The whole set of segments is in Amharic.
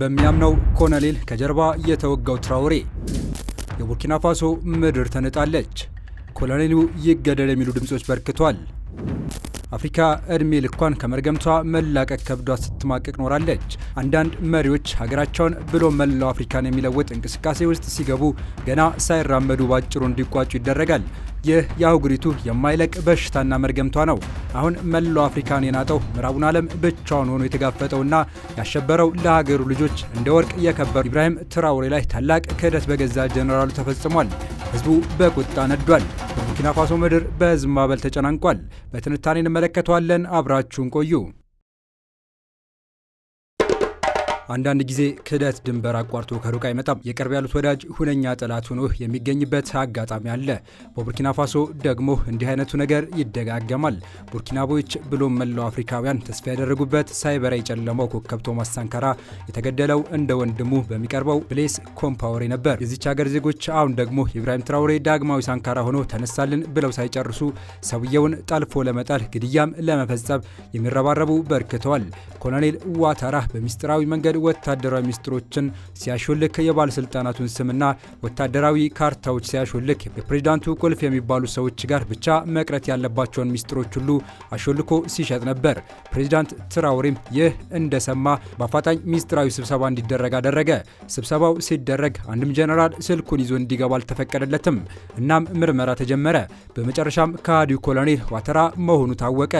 በሚያምነው ኮሎኔል ከጀርባ የተወጋው ትራውሬ የቡርኪና ፋሶ ምድር ተንጣለች። ኮሎኔሉ ይገደል የሚሉ ድምፆች በርክቷል። አፍሪካ ዕድሜ ልኳን ከመርገምቷ መላቀቅ ከብዷ ስትማቀቅ ኖራለች። አንዳንድ መሪዎች ሀገራቸውን ብሎ መላው አፍሪካን የሚለውጥ እንቅስቃሴ ውስጥ ሲገቡ ገና ሳይራመዱ ባጭሩ እንዲቋጩ ይደረጋል። ይህ የአህጉሪቱ የማይለቅ በሽታና መርገምቷ ነው። አሁን መላው አፍሪካን የናጠው ምዕራቡን ዓለም ብቻውን ሆኖ የተጋፈጠውና ያሸበረው ለሀገሩ ልጆች እንደ ወርቅ የከበሩ ኢብራሂም ትራውሬ ላይ ታላቅ ክህደት በገዛ ጀኔራሉ ተፈጽሟል። ህዝቡ በቁጣ ነዷል። በቡርኪና ፋሶ ምድር በህዝብ ማዕበል ተጨናንቋል። በትንታኔ እንመለከተዋለን። አብራችሁን ቆዩ። አንዳንድ ጊዜ ክህደት ድንበር አቋርቶ ከሩቅ አይመጣም። የቅርብ ያሉት ወዳጅ ሁነኛ ጠላት ሆኖ የሚገኝበት አጋጣሚ አለ። በቡርኪና ፋሶ ደግሞ እንዲህ አይነቱ ነገር ይደጋገማል። ቡርኪናቦች ብሎም መላው አፍሪካውያን ተስፋ ያደረጉበት ሳይበራ የጨለመው ኮከብ ቶማስ ሳንካራ የተገደለው እንደ ወንድሙ በሚቀርበው ብሌስ ኮምፓወሬ ነበር። የዚች ሀገር ዜጎች አሁን ደግሞ ኢብራሂም ትራውሬ ዳግማዊ ሳንካራ ሆኖ ተነሳልን ብለው ሳይጨርሱ ሰውየውን ጠልፎ ለመጣል ግድያም ለመፈጸም የሚረባረቡ በርክተዋል። ኮሎኔል ዋታራ በሚስጥራዊ መንገድ ወታደራዊ ሚስጥሮችን ሲያሾልክ፣ የባለስልጣናቱን ስምና ወታደራዊ ካርታዎች ሲያሾልክ፣ የፕሬዚዳንቱ ቁልፍ የሚባሉ ሰዎች ጋር ብቻ መቅረት ያለባቸውን ሚስጥሮች ሁሉ አሾልኮ ሲሸጥ ነበር። ፕሬዚዳንት ትራውሬም ይህ እንደሰማ በአፋጣኝ ሚስጥራዊ ስብሰባ እንዲደረግ አደረገ። ስብሰባው ሲደረግ አንድም ጀነራል ስልኩን ይዞ እንዲገባ አልተፈቀደለትም። እናም ምርመራ ተጀመረ። በመጨረሻም ከሃዲው ኮሎኔል ዋተራ መሆኑ ታወቀ።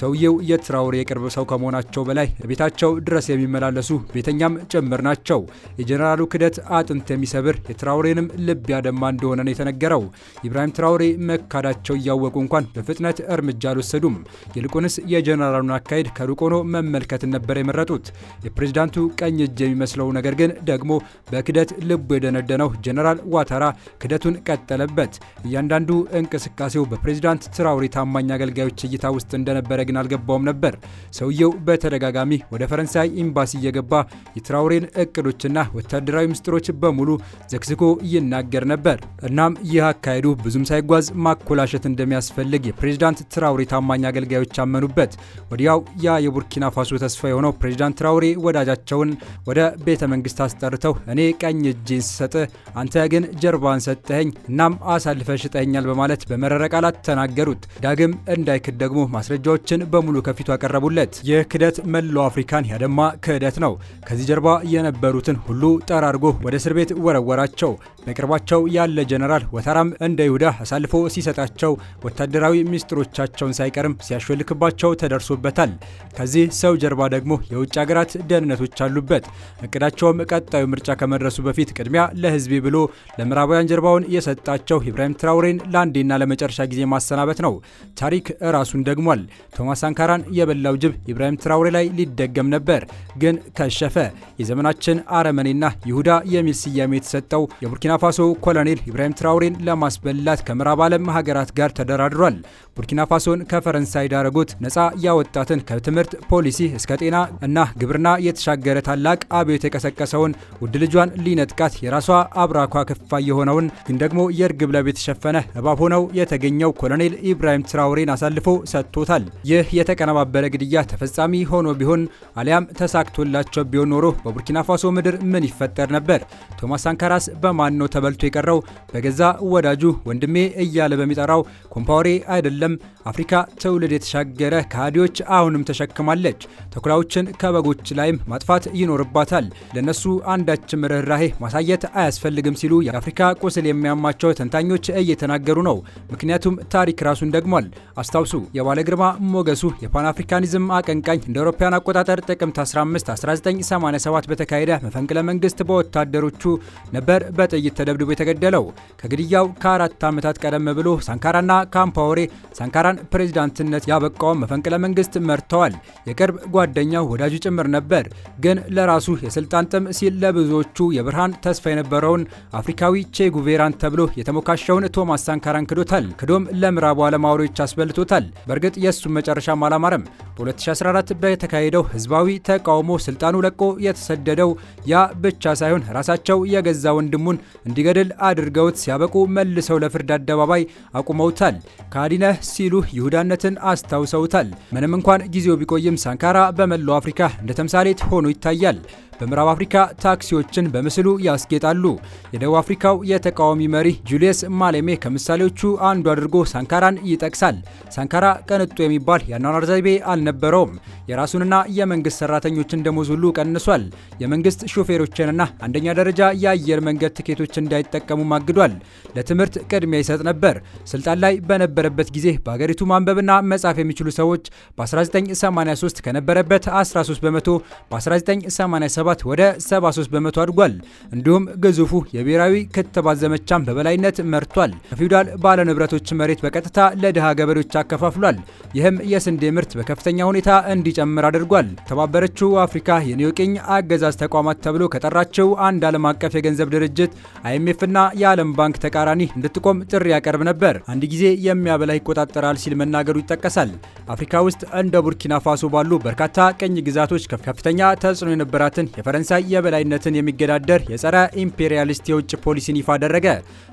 ሰውየው የትራውሬ የቅርብ ሰው ከመሆናቸው በላይ ቤታቸው ድረስ የሚመላለሱ ቤተኛም ጭምር ናቸው። የጀኔራሉ ክደት አጥንት የሚሰብር የትራውሬንም ልብ ያደማ እንደሆነ ነው የተነገረው። ኢብራሂም ትራውሬ መካዳቸው እያወቁ እንኳን በፍጥነት እርምጃ አልወሰዱም። ይልቁንስ የጀኔራሉን አካሄድ ከሩቅ ሆኖ መመልከትን ነበር የመረጡት። የፕሬዝዳንቱ ቀኝ እጅ የሚመስለው ነገር ግን ደግሞ በክደት ልቡ የደነደነው ጀኔራል ዋታራ ክደቱን ቀጠለበት። እያንዳንዱ እንቅስቃሴው በፕሬዝዳንት ትራውሬ ታማኝ አገልጋዮች እይታ ውስጥ እንደነበረ ግን አልገባውም ነበር። ሰውየው በተደጋጋሚ ወደ ፈረንሳይ ኤምባሲ እየገባ የትራውሬን እቅዶችና ወታደራዊ ምስጢሮች በሙሉ ዘክስኮ ይናገር ነበር። እናም ይህ አካሄዱ ብዙም ሳይጓዝ ማኮላሸት እንደሚያስፈልግ የፕሬዝዳንት ትራውሬ ታማኝ አገልጋዮች አመኑበት። ወዲያው ያ የቡርኪና ፋሶ ተስፋ የሆነው ፕሬዝዳንት ትራውሬ ወዳጃቸውን ወደ ቤተ መንግስት አስጠርተው እኔ ቀኝ እጄን ስሰጥህ አንተ ግን ጀርባን ሰጠኸኝ፣ እናም አሳልፈ ሽጠኛል በማለት በመረረ ቃላት ተናገሩት። ዳግም እንዳይክድ ደግሞ ማስረጃዎችን በሙሉ ከፊቱ አቀረቡለት። ይህ ክደት መላው አፍሪካን ያደማ ክህደት ነው። ከዚህ ጀርባ የነበሩትን ሁሉ ጠራርጎ ወደ እስር ቤት ወረወራቸው። በቅርባቸው ያለ ጀነራል ወተራም እንደ ይሁዳ አሳልፎ ሲሰጣቸው ወታደራዊ ሚስጥሮቻቸውን ሳይቀርም ሲያሾልክባቸው ተደርሶበታል። ከዚህ ሰው ጀርባ ደግሞ የውጭ ሀገራት ደህንነቶች አሉበት። እቅዳቸውም ቀጣዩ ምርጫ ከመድረሱ በፊት ቅድሚያ ለህዝቤ ብሎ ለምዕራባውያን ጀርባውን የሰጣቸው ኢብራሂም ትራውሬን ለአንዴና ለመጨረሻ ጊዜ ማሰናበት ነው። ታሪክ ራሱን ደግሟል። ቶማስ አንካራን የበላው ጅብ ኢብራሂም ትራውሬ ላይ ሊደገም ነበር፣ ግን ከሸፈ። የዘመናችን አረመኔና ይሁዳ የሚል ስያሜ የተሰጠው የቡርኪና ቡርኪና ፋሶ ኮሎኔል ኢብራሂም ትራውሬን ለማስበላት ከምዕራብ ዓለም ሀገራት ጋር ተደራድሯል። ቡርኪና ፋሶን ከፈረንሳይ ዳረጎት ነፃ ያወጣትን ከትምህርት ፖሊሲ እስከ ጤና እና ግብርና የተሻገረ ታላቅ አብዮት የቀሰቀሰውን ውድ ልጇን ሊነጥቃት የራሷ አብራኳ ክፋይ የሆነውን ግን ደግሞ የእርግብ ለብ የተሸፈነ እባብ ሆነው የተገኘው ኮሎኔል ኢብራሂም ትራውሬን አሳልፎ ሰጥቶታል። ይህ የተቀነባበረ ግድያ ተፈጻሚ ሆኖ ቢሆን አሊያም ተሳክቶላቸው ቢሆን ኖሮ በቡርኪና ፋሶ ምድር ምን ይፈጠር ነበር? ቶማስ ሳንካራስ በማን ነው ተበልቶ የቀረው በገዛ ወዳጁ ወንድሜ እያለ በሚጠራው ኮምፓውሬ አይደለም። አፍሪካ ትውልድ የተሻገረ ከሃዲዎች አሁንም ተሸክማለች። ተኩላዎችን ከበጎች ላይም ማጥፋት ይኖርባታል። ለነሱ አንዳችም ርኅራሄ ማሳየት አያስፈልግም ሲሉ የአፍሪካ ቁስል የሚያማቸው ተንታኞች እየተናገሩ ነው። ምክንያቱም ታሪክ ራሱን ደግሟል። አስታውሱ የባለ ግርማ ሞገሱ የፓን አፍሪካኒዝም አቀንቃኝ እንደ አውሮፓውያን አቆጣጠር ጥቅምት 15 1987 በተካሄደ መፈንቅለ መንግስት በወታደሮቹ ነበር በጥይት በጥይት ተደብድቦ የተገደለው። ከግድያው ከአራት ዓመታት ቀደም ብሎ ሳንካራና ካምፓወሬ ሳንካራን ፕሬዚዳንትነት ያበቃውን መፈንቅለ መንግስት መርተዋል። የቅርብ ጓደኛው ወዳጁ ጭምር ነበር። ግን ለራሱ የስልጣን ጥም ሲል ለብዙዎቹ የብርሃን ተስፋ የነበረውን አፍሪካዊ ቼ ተብሎ የተሞካሸውን ቶማስ ሳንካራን ክዶታል። ክዶም ለምዕራቡ ዓለም አውሬዎች አስበልቶታል። በእርግጥ የእሱን መጨረሻም አላማረም። በ2014 በተካሄደው ህዝባዊ ተቃውሞ ስልጣኑ ለቆ የተሰደደው ያ ብቻ ሳይሆን ራሳቸው የገዛ ወንድሙን እንዲገድል አድርገውት ሲያበቁ መልሰው ለፍርድ አደባባይ አቁመውታል። ካዲነህ ሲሉ ይሁዳነትን አስታውሰውታል። ምንም እንኳን ጊዜው ቢቆይም ሳንካራ በመላው አፍሪካ እንደ ተምሳሌት ሆኖ ይታያል። በምዕራብ አፍሪካ ታክሲዎችን በምስሉ ያስጌጣሉ። የደቡብ አፍሪካው የተቃዋሚ መሪ ጁልየስ ማሌሜ ከምሳሌዎቹ አንዱ አድርጎ ሳንካራን ይጠቅሳል። ሳንካራ ቀንጡ የሚባል የአኗኗር ዘይቤ አልነበረውም። የራሱንና የመንግስት ሰራተኞችን ደሞዝ ሁሉ ቀንሷል። የመንግስት ሾፌሮችንና አንደኛ ደረጃ የአየር መንገድ ትኬቶች እንዳይጠቀሙ ማግዷል። ለትምህርት ቅድሚያ ይሰጥ ነበር። ስልጣን ላይ በነበረበት ጊዜ በሀገሪቱ ማንበብና መጻፍ የሚችሉ ሰዎች በ1983 ከነበረበት 13 በመቶ በ1987 ክትባት ወደ 73 በመቶ አድጓል። እንዲሁም ግዙፉ የብሔራዊ ክትባት ዘመቻን በበላይነት መርቷል። ከፊውዳል ባለ ንብረቶች መሬት በቀጥታ ለድሃ ገበሬዎች አከፋፍሏል። ይህም የስንዴ ምርት በከፍተኛ ሁኔታ እንዲጨምር አድርጓል። የተባበረችው አፍሪካ የኒዮቅኝ አገዛዝ ተቋማት ተብሎ ከጠራቸው አንድ ዓለም አቀፍ የገንዘብ ድርጅት አይኤምኤፍና የዓለም ባንክ ተቃራኒ እንድትቆም ጥሪ ያቀርብ ነበር። አንድ ጊዜ የሚያበላ ይቆጣጠራል ሲል መናገሩ ይጠቀሳል። አፍሪካ ውስጥ እንደ ቡርኪና ፋሶ ባሉ በርካታ ቅኝ ግዛቶች ከፍተኛ ተጽዕኖ የነበራትን የፈረንሳይ የበላይነትን የሚገዳደር የጸረ ኢምፔሪያሊስት የውጭ ፖሊሲን ይፋ አደረገ።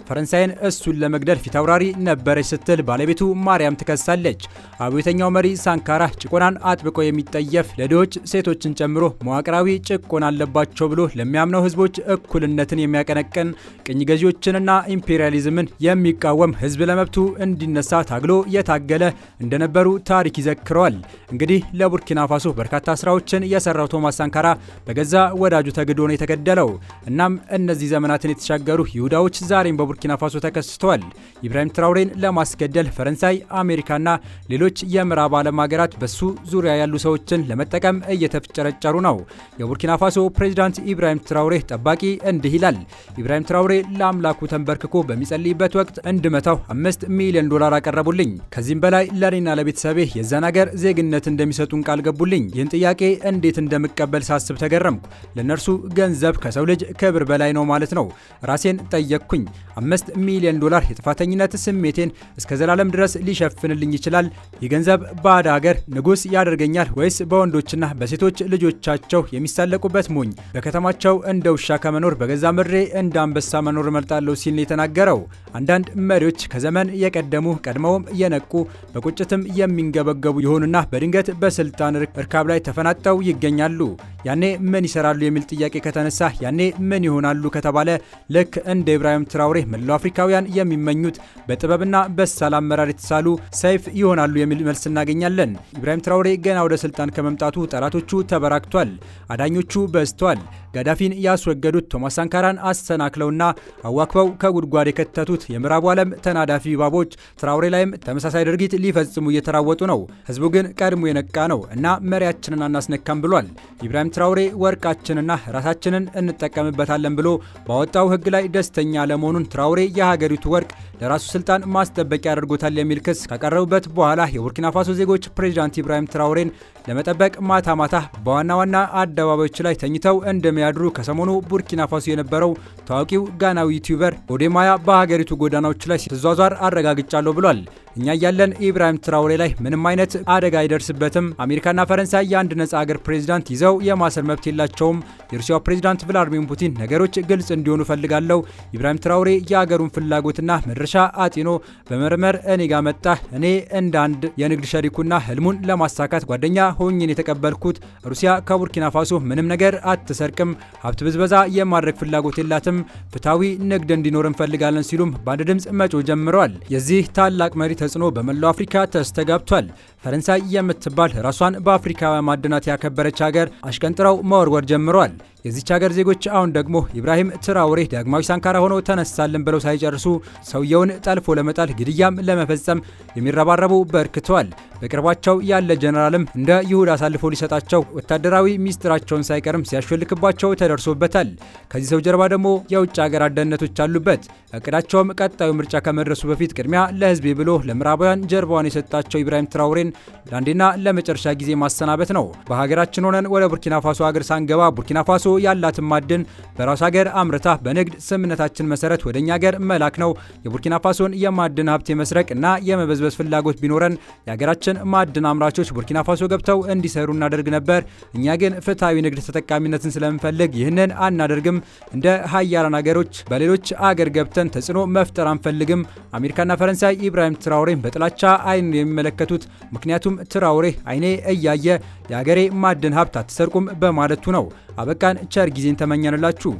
ፈረንሳይን እሱን ለመግደል ፊት አውራሪ ነበረች ስትል ባለቤቱ ማርያም ትከሳለች። አብዮተኛው መሪ ሳንካራ ጭቆናን አጥብቆ የሚጠየፍ ለድሆች ሴቶችን ጨምሮ መዋቅራዊ ጭቆና አለባቸው ብሎ ለሚያምነው ህዝቦች እኩልነትን የሚያቀነቅን ቅኝ ገዢዎችንና ኢምፔሪያሊዝምን የሚቃወም ህዝብ ለመብቱ እንዲነሳ ታግሎ የታገለ እንደነበሩ ታሪክ ይዘክረዋል። እንግዲህ ለቡርኪና ፋሶ በርካታ ስራዎችን የሰራው ቶማስ ሳንካራ በገዛ ከዛ ወዳጁ ተግዶ ነው የተገደለው። እናም እነዚህ ዘመናትን የተሻገሩ ይሁዳዎች ዛሬም በቡርኪና ፋሶ ተከስተዋል። ኢብራሂም ትራውሬን ለማስገደል ፈረንሳይ፣ አሜሪካና ሌሎች የምዕራብ ዓለም ሀገራት በሱ ዙሪያ ያሉ ሰዎችን ለመጠቀም እየተፍጨረጨሩ ነው። የቡርኪና ፋሶ ፕሬዚዳንት ኢብራሂም ትራውሬ ጠባቂ እንዲህ ይላል። ኢብራሂም ትራውሬ ለአምላኩ ተንበርክኮ በሚጸልይበት ወቅት እንድመታው አምስት ሚሊዮን ዶላር አቀረቡልኝ። ከዚህም በላይ ለእኔና ለቤተሰቤ የዛን ሀገር ዜግነት እንደሚሰጡን ቃል ገቡልኝ። ይህን ጥያቄ እንዴት እንደምቀበል ሳስብ ተገረም ተጠቀምኩ። ለእነርሱ ገንዘብ ከሰው ልጅ ክብር በላይ ነው ማለት ነው። ራሴን ጠየቅኩኝ። አምስት ሚሊዮን ዶላር የጥፋተኝነት ስሜቴን እስከ ዘላለም ድረስ ሊሸፍንልኝ ይችላል? ይህ ገንዘብ ባዕድ ሀገር ንጉሥ ያደርገኛል ወይስ በወንዶችና በሴቶች ልጆቻቸው የሚሳለቁበት ሞኝ በከተማቸው እንደ ውሻ ከመኖር በገዛ ምድሬ እንደ አንበሳ መኖር እመርጣለሁ ሲል ነው የተናገረው። አንዳንድ መሪዎች ከዘመን የቀደሙ ቀድመውም የነቁ በቁጭትም የሚንገበገቡ የሆኑና በድንገት በስልጣን እርካብ ላይ ተፈናጠው ይገኛሉ። ያኔ ምን ይሰራሉ የሚል ጥያቄ ከተነሳ ያኔ ምን ይሆናሉ ከተባለ ልክ እንደ ኢብራሂም ትራውሬ መላው አፍሪካውያን የሚመኙት በጥበብና በሳል አመራር የተሳሉ ሰይፍ ይሆናሉ የሚል መልስ እናገኛለን። ኢብራሂም ትራውሬ ገና ወደ ስልጣን ከመምጣቱ ጠላቶቹ ተበራክቷል፣ አዳኞቹ በዝቷል። ጋዳፊን ያስወገዱት ቶማስ ሳንካራን አሰናክለውና አዋክበው ከጉድጓድ የከተቱት የምዕራቡ ዓለም ተናዳፊ እባቦች ትራውሬ ላይም ተመሳሳይ ድርጊት ሊፈጽሙ እየተራወጡ ነው። ህዝቡ ግን ቀድሞ የነቃ ነው እና መሪያችንን አናስነካም ብሏል። ኢብራሂም ትራውሬ ወር እርቃችንና ራሳችንን እንጠቀምበታለን ብሎ ባወጣው ህግ ላይ ደስተኛ ለመሆኑን ትራውሬ የሀገሪቱ ወርቅ ለራሱ ስልጣን ማስጠበቂያ አድርጎታል የሚል ክስ ካቀረቡበት በኋላ የቡርኪና ፋሶ ዜጎች ፕሬዚዳንት ኢብራሂም ትራውሬን ለመጠበቅ ማታ ማታ በዋና ዋና አደባባዮች ላይ ተኝተው እንደሚያድሩ ከሰሞኑ ቡርኪና ፋሶ የነበረው ታዋቂው ጋናዊ ዩቲዩበር ኦዴማያ በሀገሪቱ ጎዳናዎች ላይ ሲዟዟር አረጋግጫለሁ ብሏል። እኛ እያለን ኢብራሂም ትራውሬ ላይ ምንም አይነት አደጋ አይደርስበትም። አሜሪካና ፈረንሳይ የአንድ ነጻ ሀገር ፕሬዚዳንት ይዘው የማሰር መብት የላቸውም። የሩሲያው ፕሬዚዳንት ቭላዲሚር ፑቲን ነገሮች ግልጽ እንዲሆኑ ፈልጋለሁ። ኢብራሂም ትራውሬ የአገሩን ፍላጎትና መድረሻ አጢኖ በመርመር እኔ ጋር መጣ። እኔ እንደ አንድ የንግድ ሸሪኩና ህልሙን ለማሳካት ጓደኛ ሆኜን የተቀበልኩት። ሩሲያ ከቡርኪና ፋሶ ምንም ነገር አትሰርቅም፣ ሀብት ብዝበዛ የማድረግ ፍላጎት የላትም። ፍትሐዊ ንግድ እንዲኖር እንፈልጋለን ሲሉም በአንድ ድምፅ መጮ ጀምረዋል። የዚህ ታላቅ መሪ ተጽዕኖ በመላው አፍሪካ ተስተጋብቷል። ፈረንሳይ የምትባል ራሷን በአፍሪካ ማዕድናት ያከበረች ሀገር አሽቀንጥረው መወርወር ጀምሯል። የዚች ሀገር ዜጎች አሁን ደግሞ ኢብራሂም ትራውሬ ዳግማዊ ሳንካራ ሆኖ ተነሳልን ብለው ሳይጨርሱ ሰውየውን ጠልፎ ለመጣል ግድያም ለመፈጸም የሚረባረቡ በርክተዋል። በቅርባቸው ያለ ጀነራልም እንደ ይሁዳ አሳልፎ ሊሰጣቸው ወታደራዊ ሚስጥራቸውን ሳይቀርም ሲያሾልክባቸው ተደርሶበታል። ከዚህ ሰው ጀርባ ደግሞ የውጭ ሀገር አደነቶች አሉበት። እቅዳቸውም ቀጣዩ ምርጫ ከመድረሱ በፊት ቅድሚያ ለህዝቤ ብሎ ለምዕራባውያን ጀርባዋን የሰጣቸው ኢብራሂም ትራውሬን ለአንዴና ለመጨረሻ ጊዜ ማሰናበት ነው። በሀገራችን ሆነን ወደ ቡርኪና ፋሶ ሀገር ሳንገባ ቡርኪና ፋሶ ዩኔስኮ ያላትን ማዕድን በራሱ ሀገር አምርታ በንግድ ስምምነታችን መሰረት ወደኛ ሀገር መላክ ነው። የቡርኪና ፋሶን የማዕድን ሀብት የመስረቅ እና የመበዝበዝ ፍላጎት ቢኖረን የሀገራችን ማዕድን አምራቾች ቡርኪና ፋሶ ገብተው እንዲሰሩ እናደርግ ነበር። እኛ ግን ፍትሐዊ ንግድ ተጠቃሚነትን ስለምንፈልግ ይህንን አናደርግም። እንደ ሀያላን ሀገሮች በሌሎች አገር ገብተን ተጽዕኖ መፍጠር አንፈልግም። አሜሪካና ፈረንሳይ ኢብራሂም ትራውሬን በጥላቻ አይን የሚመለከቱት ምክንያቱም ትራውሬ አይኔ እያየ የሀገሬ ማዕድን ሀብት አትሰርቁም በማለቱ ነው። አበቃን። ቸር ጊዜን ተመኘንላችሁ።